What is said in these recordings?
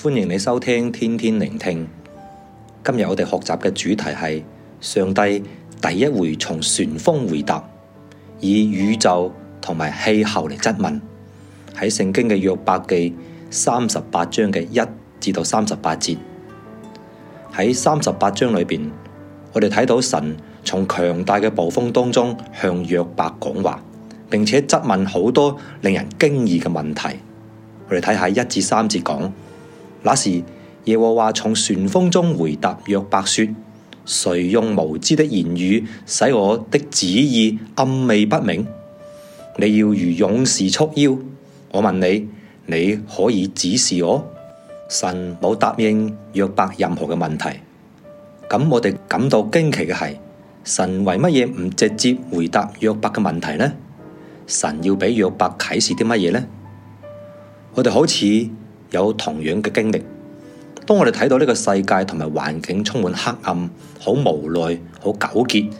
歡迎你收聽天天聆聽。今日我哋學習嘅主題係上帝第一回從旋風回答，以宇宙同埋氣候嚟質問，喺聖經嘅約伯記三十八章嘅一至到三十八節。喺三十八章裏邊，我哋睇到神從強大嘅暴風當中向約伯伯講話，並且質問好多令人驚異嘅問題。我哋睇下一至三節講。那時，耶和華從旋風中回答約伯說：誰用無知的言語使我的旨意暗昧不明？你要如勇士束腰，我問你，你可以指示我？神冇答應約伯任何嘅問題。咁我哋感到驚奇嘅係，神為乜嘢唔直接回答約伯嘅問題呢？神要畀約伯啟示啲乜嘢呢？我哋好似有同樣嘅經歷，當我哋睇到呢個世界同埋環境充滿黑暗、好無奈、好糾結，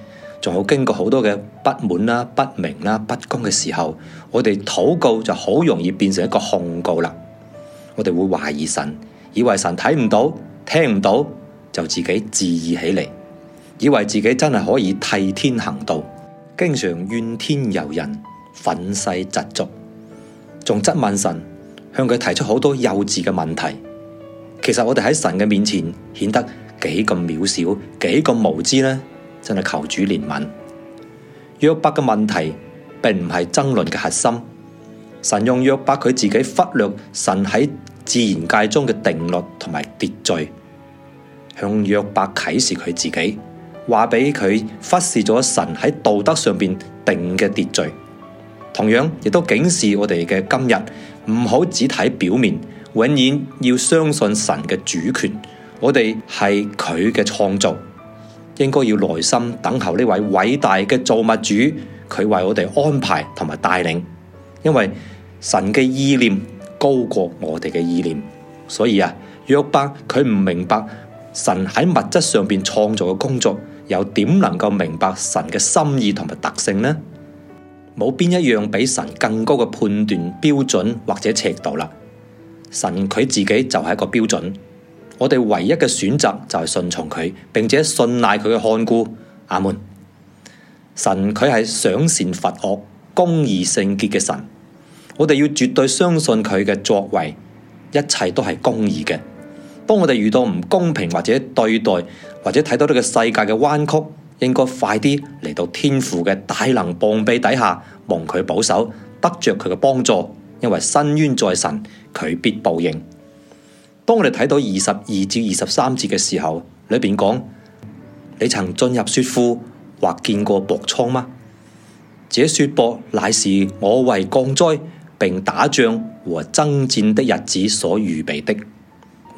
仲有經過好多嘅不滿啦、不明啦、不公嘅時候，我哋禱告就好容易變成一個控告啦。我哋會懷疑神，以為神睇唔到、聽唔到，就自己自義起嚟，以為自己真係可以替天行道，經常怨天尤人、憤世嫉俗，仲質問神。向佢提出好多幼稚嘅問題，其實我哋喺神嘅面前顯得幾咁渺小，幾咁無知呢？真係求主憐憫。約伯嘅問題並唔係爭論嘅核心，神用約伯佢自己忽略神喺自然界中嘅定律同埋秩序，向約伯啟示佢自己，話俾佢忽視咗神喺道德上邊定嘅秩序。同樣亦都警示我哋嘅今日，唔好只睇表面，永遠要相信神嘅主權。我哋係佢嘅創造，應該要耐心等候呢位偉大嘅造物主，佢為我哋安排同埋帶領。因為神嘅意念高過我哋嘅意念，所以啊，約伯佢唔明白神喺物質上面創造嘅工作，又點能夠明白神嘅心意同埋特性呢？冇邊一樣比神更高嘅判斷標準或者尺度啦。神佢自己就係一個標準，我哋唯一嘅選擇就係順從佢，並且信賴佢嘅看顧。阿門。神佢係賞善罰惡、公義聖潔嘅神，我哋要絕對相信佢嘅作為，一切都係公義嘅。當我哋遇到唔公平或者對待，或者睇到呢個世界嘅彎曲，應該快啲嚟到天父嘅大能膀臂底下，蒙佢保守，得着佢嘅幫助。因為伸冤在神，佢必報應。當我哋睇到二十二至二十三節嘅時候，裏邊講，你曾進入雪庫或見過雹倉嗎？這雪雹乃是我為降災，並打仗和爭戰的日子所預備的。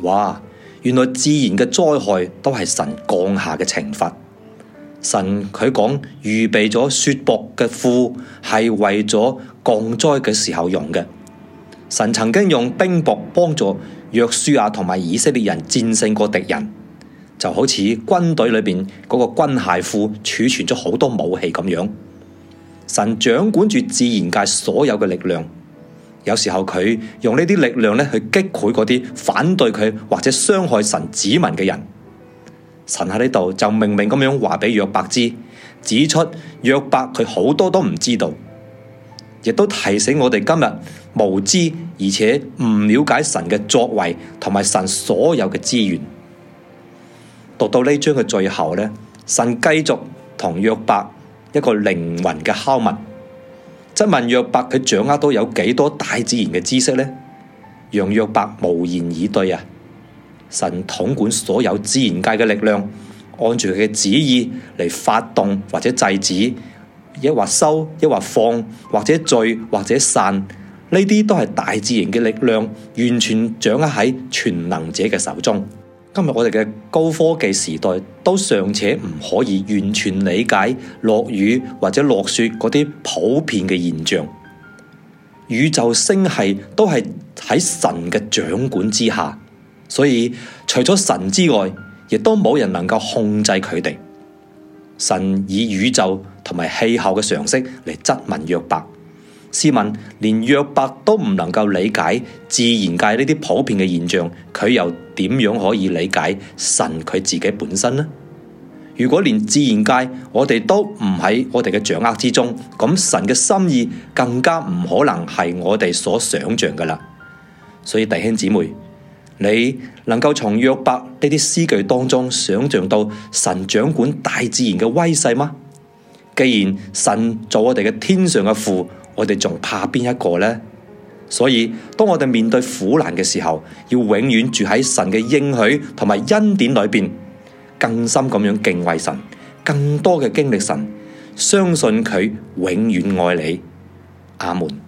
哇，原來自然嘅災害都係神降下嘅懲罰。神佢講預備咗雪雹嘅庫係為咗降災嘅時候用嘅。神曾經用冰雹幫助約書亞同埋以色列人戰勝過敵人，就好似軍隊裏邊嗰個軍械庫儲存咗好多武器咁樣。神掌管住自然界所有嘅力量，有時候佢用呢啲力量咧去擊潰嗰啲反對佢或者傷害神子民嘅人。神喺呢度就明明咁樣話畀約伯知，指出約伯佢好多都唔知道，亦都提醒我哋今日無知而且唔了解神嘅作為同埋神所有嘅資源。讀到呢章嘅最後呢，神繼續同約伯一個靈魂嘅拷問，質問約伯佢掌握到有幾多大自然嘅知識呢？讓約伯無言以對啊！神統管所有自然界嘅力量，按住佢嘅旨意嚟發動或者制止，抑或收抑或放，或者聚或者散，呢啲都係大自然嘅力量，完全掌握喺全能者嘅手中。今日我哋嘅高科技時代都尚且唔可以完全理解落雨或者落雪嗰啲普遍嘅現象，宇宙星系都係喺神嘅掌管之下。所以除咗神之外，亦都冇人能夠控制佢哋。神以宇宙同埋氣候嘅常識嚟質問約伯。試問，連約伯都唔能夠理解自然界呢啲普遍嘅現象，佢又點樣可以理解神佢自己本身呢？如果連自然界我哋都唔喺我哋嘅掌握之中，咁神嘅心意更加唔可能係我哋所想象㗎喇。所以弟兄姊妹，你能夠從約伯呢啲詩句當中想象到神掌管大自然嘅威勢嗎？既然神做我哋嘅天上嘅父，我哋仲怕邊一個呢？所以當我哋面對苦難嘅時候，要永遠住喺神嘅應許同埋恩典裏邊，更深咁樣敬畏神，更多嘅經歷神，相信佢永遠愛你。阿門。